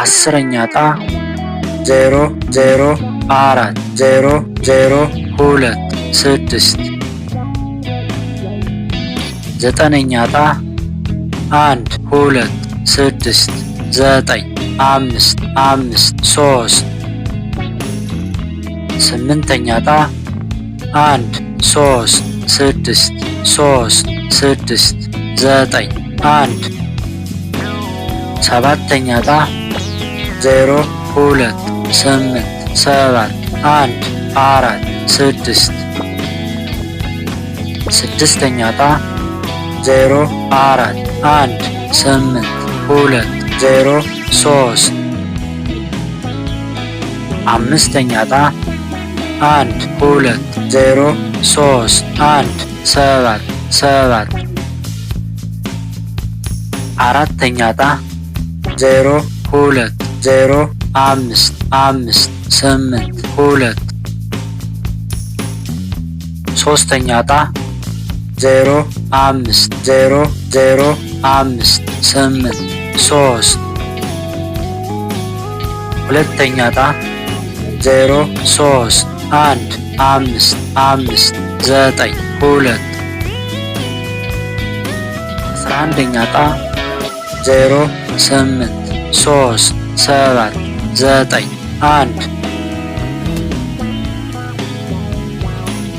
አስረኛ ጣ ዜሮ ዜሮ አራት ዜሮ ዜሮ ሁለት ስድስት ዘጠነኛ ጣ አንድ ሁለት ስድስት ዘጠኝ አምስት አምስት ሶስት ስምንተኛ ጣ አንድ ሶስት ስድስት ሶስት ስድስት ዘጠኝ አንድ ሰባተኛ ጣ ዜሮ ሁለት ስምንት ሰባት አንድ አራት ስድስት ስድስተኛ ጣ ዜሮ አራት አንድ ስምንት ሁለት ዜሮ ሶስት አምስተኛ ጣ አንድ ሁለት ዜሮ ሶስት አንድ ሰባት ሰባት አራተኛ ጣ ዜሮ ሁለት ዜሮ አምስት አምስት ስምንት ሁለት ሶስተኛ ጣ ዜሮ አምስት ዜሮ ዜሮ አምስት ስምንት ሶስት ሁለተኛ ጣ ዜሮ ሶስት አንድ አምስት አምስት ዘጠኝ ሁለት አስራ አንደኛ ጣ ዜሮ ስምንት ሶስት ሰባት ዘጠኝ አንድ